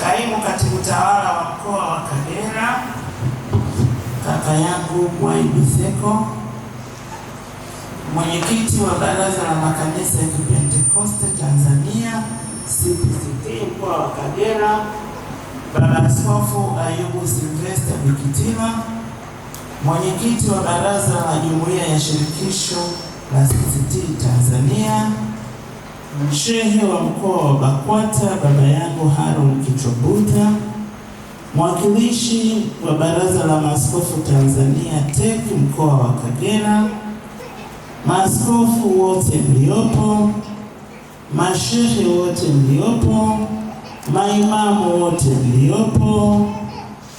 kaimu katibu tawala wa mkoa wa Kagera kaka yangu Waibiseko, mwenyekiti wa baraza la makanisa ya Kipentekoste Tanzania CPCT mkoa wa Kagera baba Askofu Ayubu Silvesta Bikitima, mwenyekiti wa baraza la jumuiya ya shirikisho la CCT Tanzania mshehe wa mkoa wa BAKWATA baba yangu Harold kichobuta mwakilishi wa baraza la maaskofu Tanzania TEC mkoa wa Kagera, maaskofu wote mliopo, mashehe wote mliopo, maimamu wote mliopo,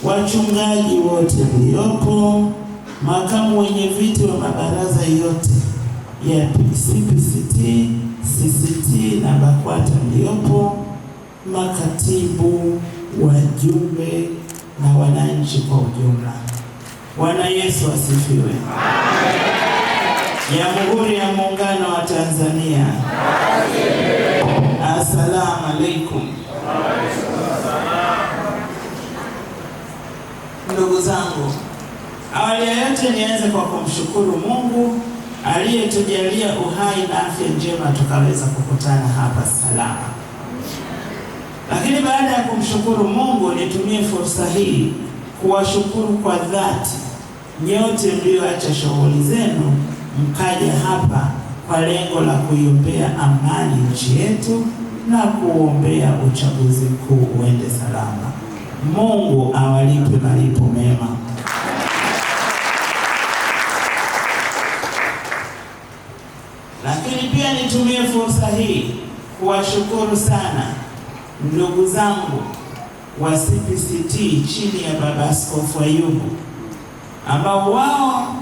wachungaji wote mliopo, makamu wenye viti wa mabaraza yote ya PCPCT CCT na BAKWATA mliopo, makatibu, wajumbe na wananchi kwa ujumla, Bwana Yesu asifiwe. Jamhuri ya Muungano wa Tanzania, assalamu alaikum. Ndugu zangu, awali ya yote nianze kwa kumshukuru Mungu aliyetujalia uhai na afya njema tukaweza kukutana hapa salama. Lakini baada ya kumshukuru Mungu, nitumie fursa hii kuwashukuru kwa dhati nyote mlioacha shughuli zenu mkaja hapa kwa lengo la kuiombea amani nchi yetu na kuombea uchaguzi mkuu uende salama. Mungu awalipe malipo mema. hii kuwashukuru sana ndugu zangu wa CPCT chini ya Baba Askofu Ayubu ambao wao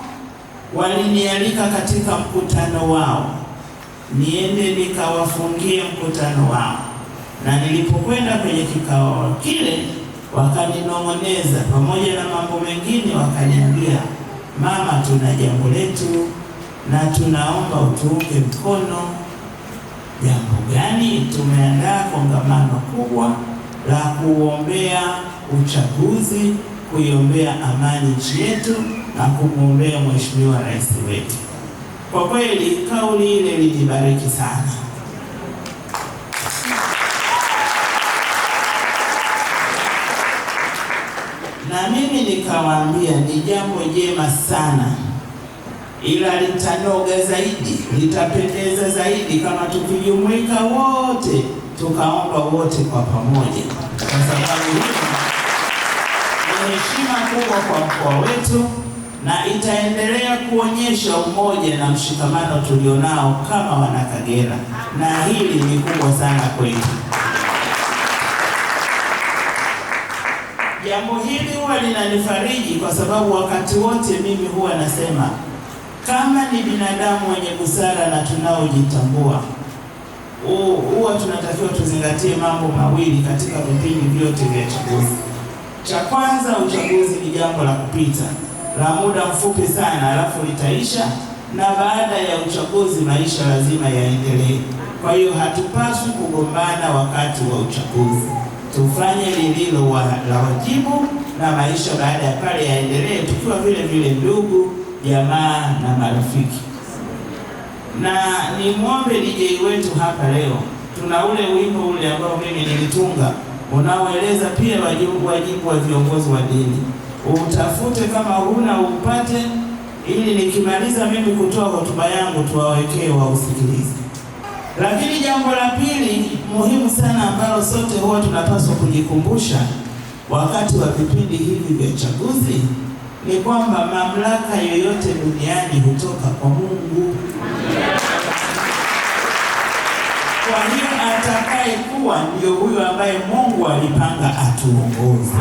walinialika katika mkutano wao niende nikawafungie mkutano wao, na nilipokwenda kwenye kikao kile wakaninong'oneza, pamoja na mambo mengine, wakaniambia mama, tuna jambo letu na tunaomba utuunge mkono jambo gani? Tumeandaa kongamano kubwa la kuombea uchaguzi, kuiombea amani nchi yetu na kumwombea mheshimiwa rais wetu. Kwa kweli kauli ile lilibariki sana na mimi nikawaambia ni jambo jema sana ila litanoga zaidi, litapendeza zaidi kama tukijumuika wote tukaomba wote kwa pamoja, kwa sababu ni heshima kubwa kwa mkoa wetu na itaendelea kuonyesha umoja na mshikamano tulionao kama Wanakagera, na hili ni kubwa sana kwetu. Jambo hili huwa linanifariji kwa sababu wakati wote mimi huwa nasema kama ni binadamu wenye busara na tunaojitambua, huwa tunatakiwa tuzingatie mambo mawili katika vipindi vyote vya chaguzi. Cha kwanza, uchaguzi ni jambo la kupita la muda mfupi sana, alafu litaisha, na baada ya uchaguzi maisha lazima yaendelee. Kwa hiyo hatupaswi kugombana wakati wa uchaguzi, tufanye lililo wa, la wajibu na maisha baada ya pale yaendelee, tukiwa vile vile ndugu jamaa na marafiki. Na nimwombe DJ wetu hapa leo, tuna ule wimbo ule ambao mimi nilitunga unaoeleza pia wajibu wa viongozi wa dini, utafute kama huna upate, ili nikimaliza mimi kutoa hotuba yangu tuwawekee wausikilize. Lakini jambo la pili muhimu sana ambalo sote huwa tunapaswa kujikumbusha wakati wa vipindi hivi vya uchaguzi ni kwamba mamlaka yoyote duniani hutoka kwa Mungu. Kwa hiyo atakaye kuwa ndio huyo ambaye Mungu alipanga atuongoze.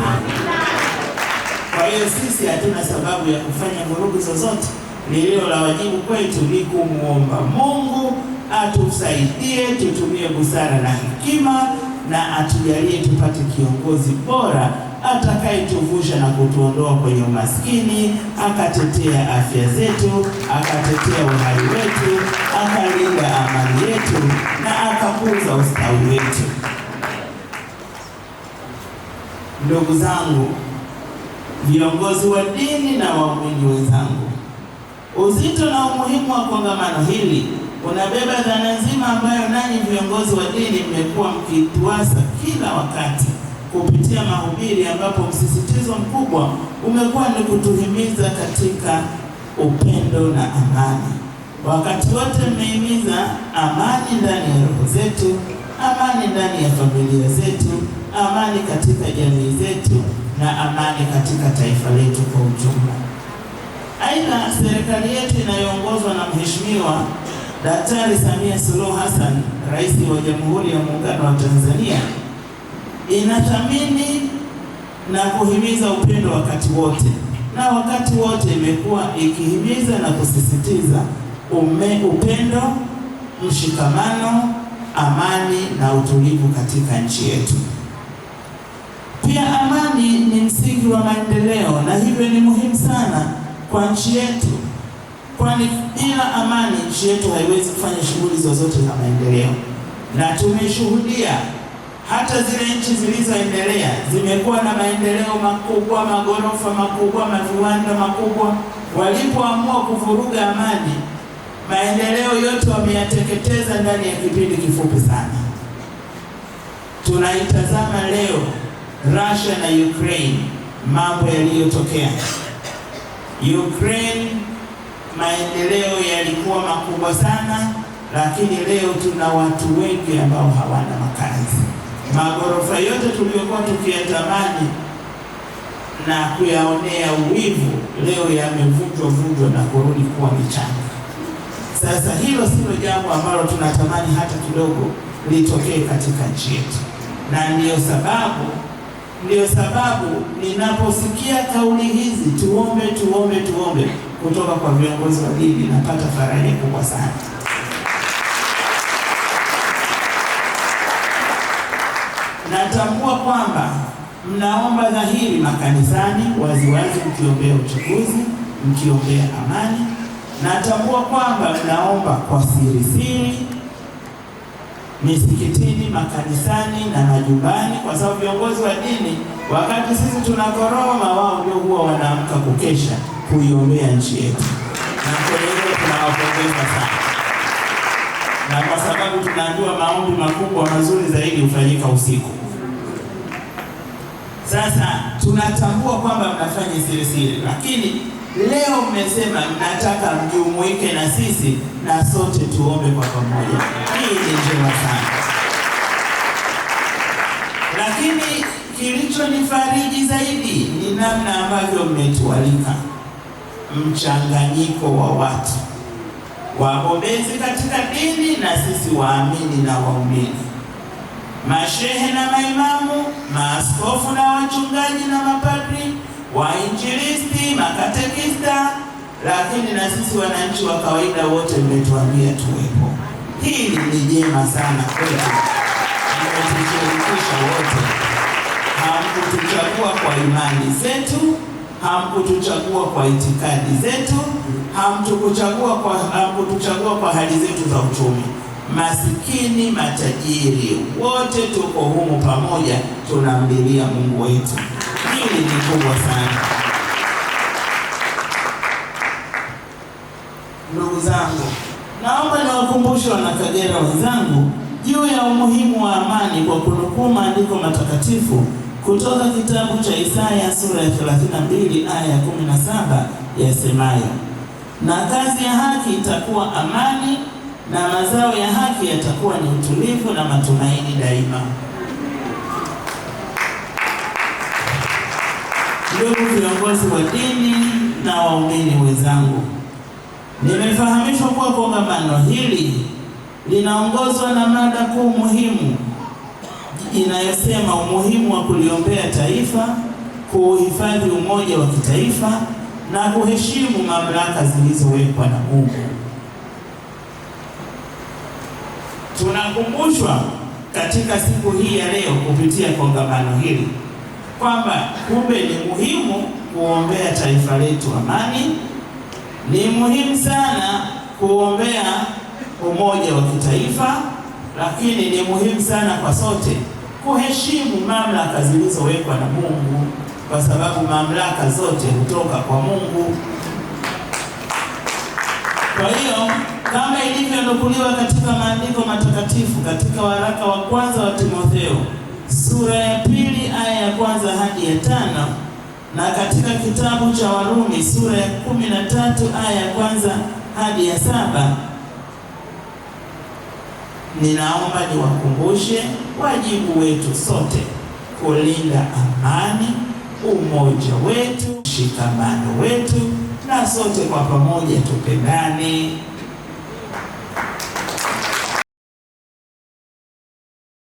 Kwa hiyo sisi hatuna sababu ya kufanya vurugu zozote. Lililo la wajibu kwetu ni kumwomba Mungu atusaidie, tutumie busara na hekima, na atujalie tupate kiongozi bora atakayetuvusha na kutuondoa kwenye umaskini, akatetea afya zetu, akatetea uhai wetu, akalinda amani yetu na akakuza ustawi wetu. Ndugu zangu, viongozi wa dini na waumini wenzangu, uzito na umuhimu wa kongamano hili unabeba dhana nzima ambayo nanyi viongozi wa dini mmekuwa mkituasa kila wakati kupitia mahubiri, ambapo msisitizo mkubwa umekuwa ni kutuhimiza katika upendo na amani. Wakati wote mmehimiza amani ndani ya roho zetu, amani ndani ya familia zetu, amani katika jamii zetu na amani katika taifa letu kwa ujumla. Aidha, serikali yetu inayoongozwa na Mheshimiwa Daktari Samia Suluhu Hassan, Rais wa Jamhuri ya Muungano wa Tanzania inathamini na kuhimiza upendo wakati wote na wakati wote imekuwa ikihimiza na kusisitiza ume, upendo, mshikamano, amani na utulivu katika nchi yetu. Pia amani ni msingi wa maendeleo na hivyo ni muhimu sana kwa nchi yetu, kwani bila amani nchi yetu haiwezi kufanya shughuli zozote za maendeleo, na tumeshuhudia hata zile nchi zilizoendelea zimekuwa na maendeleo makubwa, magorofa makubwa, maviwanda makubwa. Walipoamua kuvuruga amani, maendeleo yote wameyateketeza ndani ya kipindi kifupi sana. Tunaitazama leo Russia na Ukraine, mambo yaliyotokea Ukraine, maendeleo yalikuwa makubwa sana, lakini leo tuna watu wengi ambao hawana makazi. Maghorofa yote tuliyokuwa tukiyatamani na kuyaonea uwivu leo yamevunjwa vunjwa na kurudi kuwa michanga. Sasa hilo silo jambo ambalo tunatamani hata kidogo litokee katika nchi yetu, na ndiyo sababu ndiyo sababu ninaposikia kauli hizi tuombe, tuombe, tuombe kutoka kwa viongozi wa dini, napata faraja kubwa sana. natambua kwamba mnaomba dhahiri makanisani waziwazi, mkiombea uchaguzi, mkiombea amani. Natambua kwamba mnaomba kwa siri siri misikitini, makanisani na majumbani, kwa sababu viongozi wa dini wakati sisi tunakoroma, wao ndio huwa wanaamka kukesha kuiombea nchi yetu, na kwa hiyo tunawapongeza sana, na kwa sababu tunaambiwa maombi makubwa mazuri zaidi hufanyika usiku. Sasa tunatambua kwamba mnafanya siri siri, lakini leo mmesema mnataka mjumuike na sisi na sote tuombe kwa pamoja. Hii ni njema sana, lakini kilichonifariji zaidi ni namna ambavyo mmetualika mchanganyiko wa watu wabobezi katika dini na sisi waamini na waumini mashehe na maimamu, maaskofu na wachungaji na mapadri, wainjilisti, makatekista, lakini na sisi wananchi wa kawaida wote mmetuambia tuwepo. Hili ni jema sana kwetu, mmetushirikisha wote. Hamkutuchagua kwa imani zetu, hamkutuchagua kwa itikadi zetu, kwa, hamkutuchagua kwa hali zetu za uchumi masikini, matajiri, wote tuko humu pamoja, tunamlilia Mungu wetu. Hili ni kubwa sana ndugu zangu. Naomba niwakumbushe wanakagera wenzangu juu ya umuhimu wa amani kwa kunukuu maandiko matakatifu kutoka kitabu cha Isaya sura ya 32 aya ya 17 yasemayo, na kazi ya haki itakuwa amani na mazao ya haki yatakuwa ni utulivu na matumaini daima. Ndugu viongozi wa dini na waumini wenzangu, nimefahamishwa kuwa kongamano hili linaongozwa na mada kuu muhimu inayosema umuhimu wa kuliombea taifa, kuhifadhi umoja wa kitaifa na kuheshimu mamlaka zilizowekwa na Mungu. tunakumbushwa katika siku hii ya leo kupitia kongamano hili kwamba kumbe ni muhimu kuombea taifa letu amani, ni muhimu sana kuombea umoja wa kitaifa, lakini ni muhimu sana kwa sote kuheshimu mamlaka zilizowekwa na Mungu, kwa sababu mamlaka zote hutoka kwa Mungu. Kwa hiyo kama ilivyonukuliwa katika maandiko matakatifu katika waraka wa kwanza wa Timotheo sura ya pili aya ya kwanza hadi ya tano na katika kitabu cha Warumi sura ya kumi na tatu aya ya kwanza hadi ya saba ninaomba niwakumbushe wajibu wetu sote kulinda amani, umoja wetu, mshikamano wetu na sote kwa pamoja tupendane.